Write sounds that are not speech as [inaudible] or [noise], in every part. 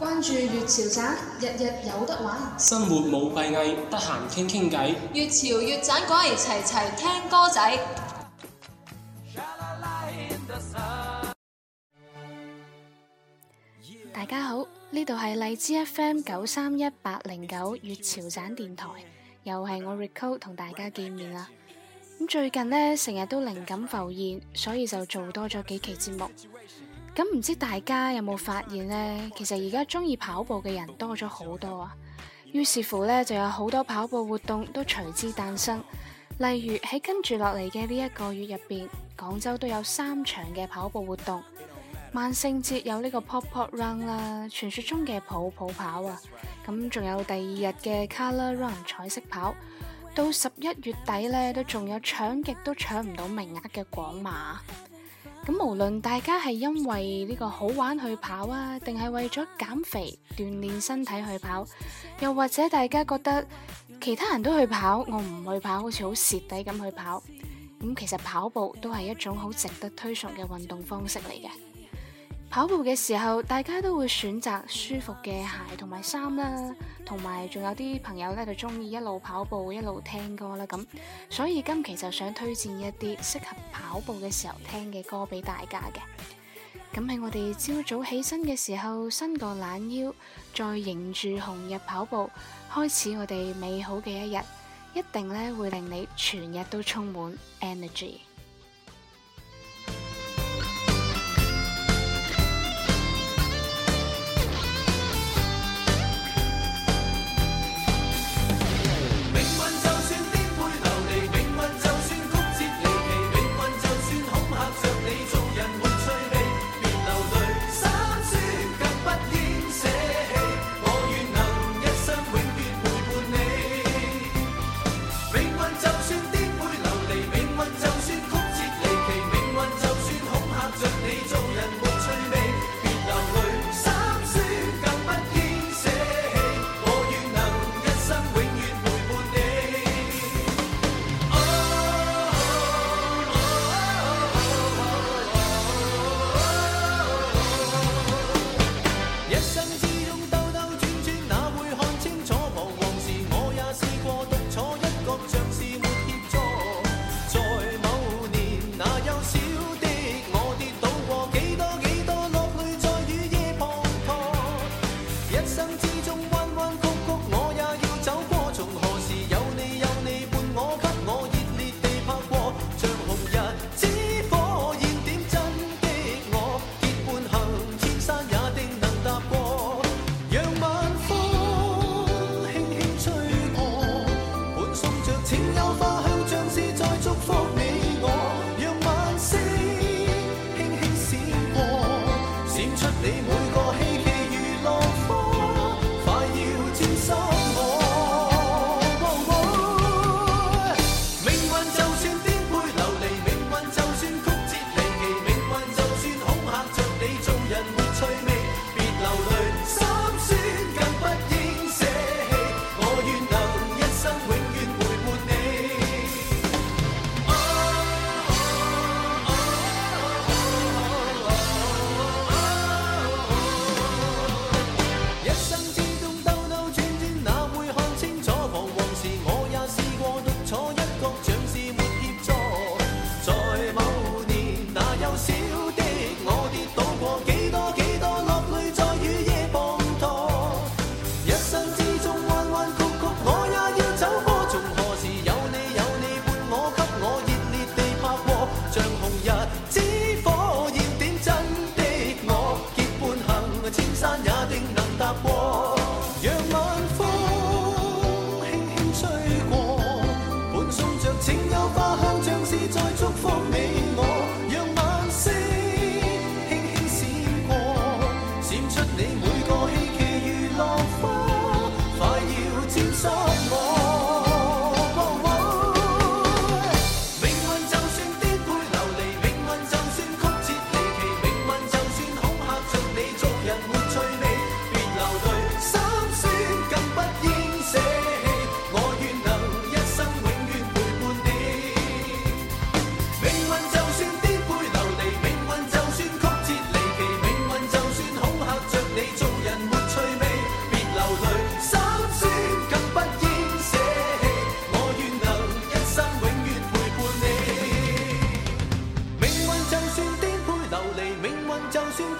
關注月潮盞，日日有得玩。生活冇閉翳，得閒傾傾偈。月潮越盞鬼，講嚟齊齊聽歌仔。大家好，呢度係荔枝 FM 九三一八零九月潮盞電台，又係我 Recall 同大家見面啦。咁最近呢，成日都靈感浮現，所以就做多咗幾期節目。咁唔知大家有冇發現呢？其實而家中意跑步嘅人多咗好多啊，於是乎呢，就有好多跑步活動都隨之誕生。例如喺跟住落嚟嘅呢一個月入邊，廣州都有三場嘅跑步活動。萬聖節有呢個 Pop Pop Run 啦，傳說中嘅泡泡跑啊，咁仲有第二日嘅 Color Run 彩色跑。到十一月底呢，搶都仲有搶極都搶唔到名額嘅廣馬。咁無論大家係因為呢個好玩去跑啊，定係為咗減肥鍛煉身體去跑，又或者大家覺得其他人都去跑，我唔去跑好似好蝕底咁去跑。咁、嗯、其實跑步都係一種好值得推崇嘅運動方式嚟嘅。跑步嘅時候，大家都會選擇舒服嘅鞋同埋衫啦，同埋仲有啲朋友呢就中意一路跑步一路聽歌啦咁，所以今期就想推薦一啲適合跑步嘅時候聽嘅歌俾大家嘅。咁喺我哋朝早起身嘅時候伸個懶腰，再迎住紅日跑步，開始我哋美好嘅一日，一定呢會令你全日都充滿 energy。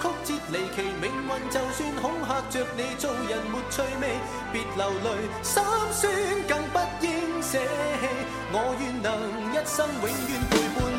曲折離奇，命運就算恐嚇着你，做人沒趣味，別流淚，心酸更不應捨棄，我願能一生永遠陪伴。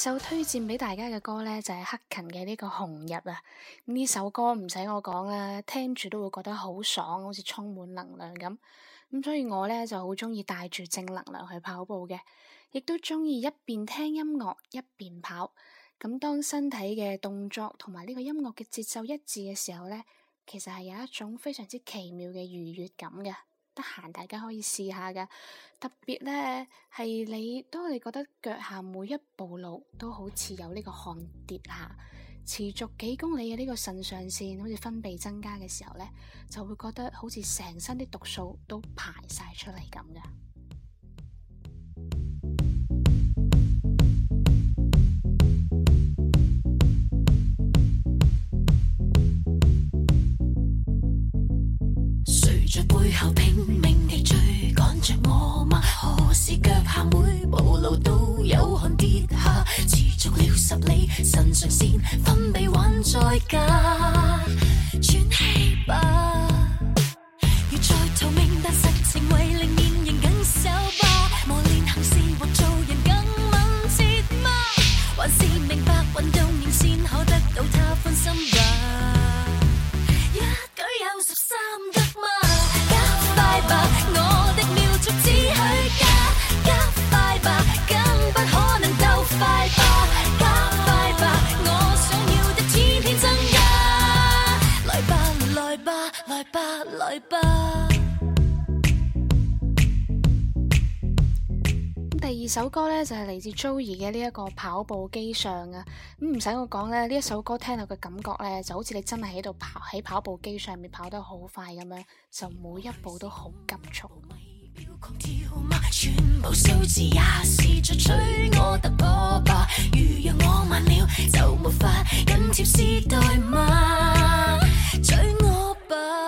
首推薦俾大家嘅歌呢，就係克勤嘅呢個《紅日》啊！呢首歌唔使我講啊，聽住都會覺得好爽，好似充滿能量咁。咁所以我呢，就好中意帶住正能量去跑步嘅，亦都中意一邊聽音樂一邊跑。咁當身體嘅動作同埋呢個音樂嘅節奏一致嘅時候呢，其實係有一種非常之奇妙嘅愉悅感嘅。得閒大家可以試下噶，特別咧係你當你覺得腳下每一步路都好似有呢個汗跌下，持續幾公里嘅呢個腎上腺好似分泌增加嘅時候咧，就會覺得好似成身啲毒素都排晒出嚟咁噶。在背後拼命地追趕着我嗎？何時腳下每步路都有汗跌下？持續了十里，腎上腺分泌還在假，喘氣吧。.第二首歌呢，就係、是、嚟自 Joey 嘅呢一個跑步機上啊，咁唔使我講呢，呢一首歌聽落嘅感覺呢，就好似你真係喺度跑，喺跑步機上面跑得好快咁樣，就每一步都好急促。 [music] [music]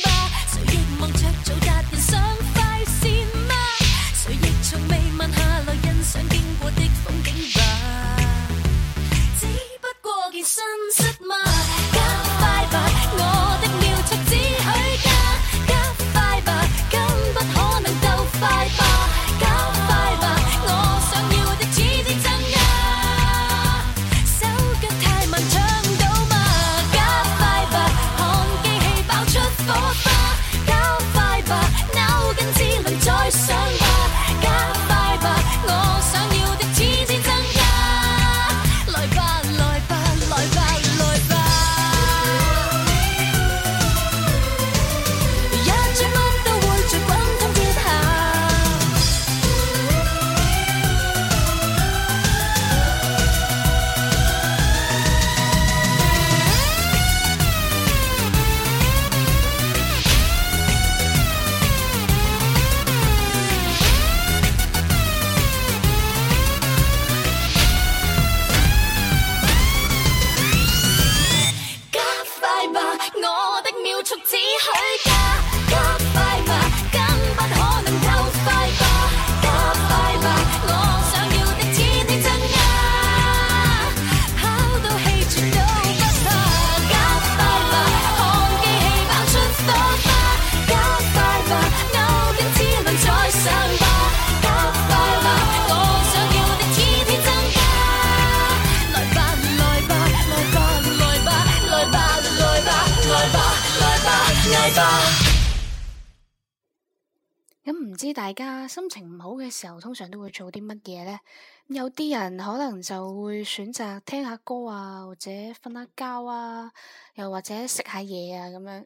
唔知大家心情唔好嘅時候，通常都會做啲乜嘢呢？有啲人可能就會選擇聽下歌啊，或者瞓下覺啊，又或者食下嘢啊咁樣。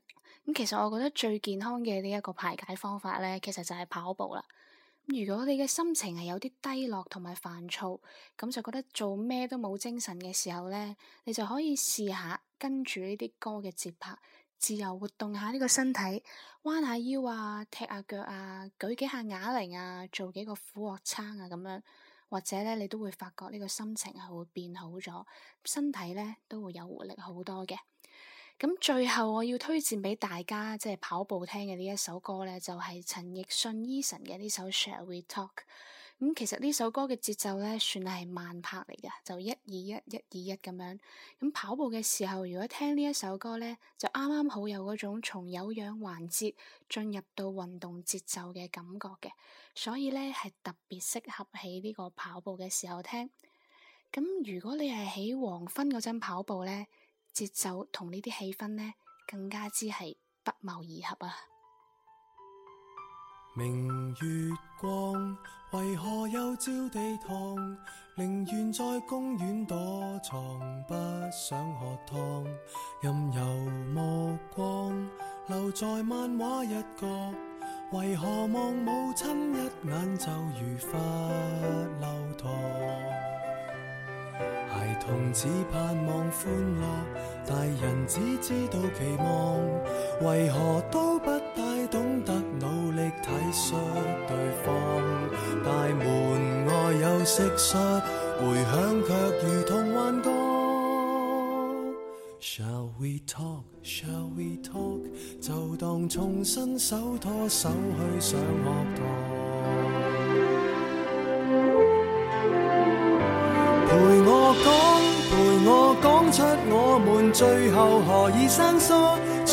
咁其實我覺得最健康嘅呢一個排解方法呢，其實就係跑步啦。如果你嘅心情係有啲低落同埋煩躁，咁就覺得做咩都冇精神嘅時候呢，你就可以試下跟住呢啲歌嘅節拍。自由活動下呢個身體，彎下腰啊，踢下腳啊，舉幾下啞鈴啊，做幾個俯卧撐啊咁樣，或者咧你都會發覺呢個心情係會變好咗，身體咧都會有活力好多嘅。咁最後我要推薦俾大家即係跑步聽嘅呢一首歌咧，就係、是、陳奕迅 Eason 嘅呢首《Shall We Talk》。咁其實呢首歌嘅節奏咧，算係慢拍嚟嘅，就一二一，一二一咁樣。咁跑步嘅時候，如果聽呢一首歌咧，就啱啱好有嗰種從有氧環節進入到運動節奏嘅感覺嘅，所以咧係特別適合喺呢個跑步嘅時候聽。咁如果你係喺黃昏嗰陣跑步咧，節奏同呢啲氣氛咧，更加之係不謀而合啊！明月光，為何又照地堂？寧願在公園躲藏，不想喝湯。任由目光留在漫畫一角，為何望母親一眼就如罰留堂？孩童只盼望歡樂，大人只知道期望，為何都不懂？懂得努力體恤對方，大門外有蟋蟀，回響卻如同幻覺。Shall we talk? Shall we talk? 就當重新手拖手去上學堂，陪我講，陪我講出我們最後何以生疏。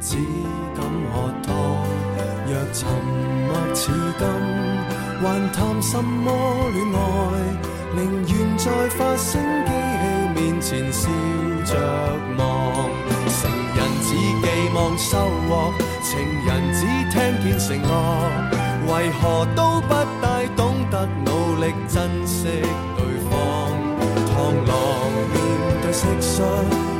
只敢喝湯，若沉默似金，還談什麼戀愛？寧願在發聲機器面前笑着望。成人只寄望收穫，情人只聽見承諾，為何都不大懂得努力珍惜對方？螳螂面對蟋蟀。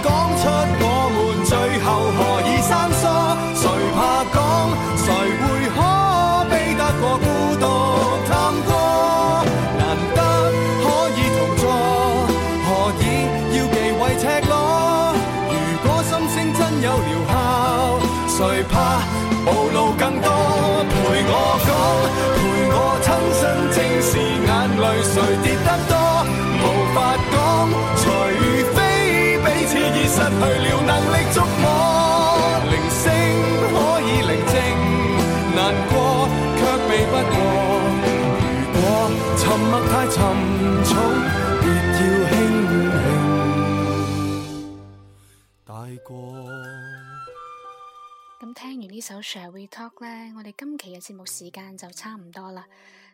一首 Shall We Talk 咧，我哋今期嘅節目時間就差唔多啦，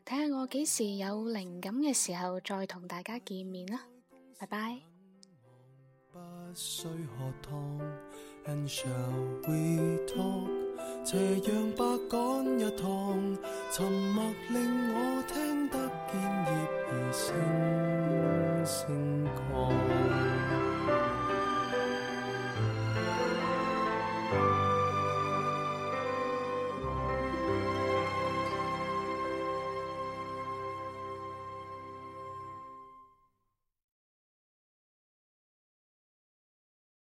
睇下我幾時有靈感嘅時候再同大家見面啦，拜拜。 [music]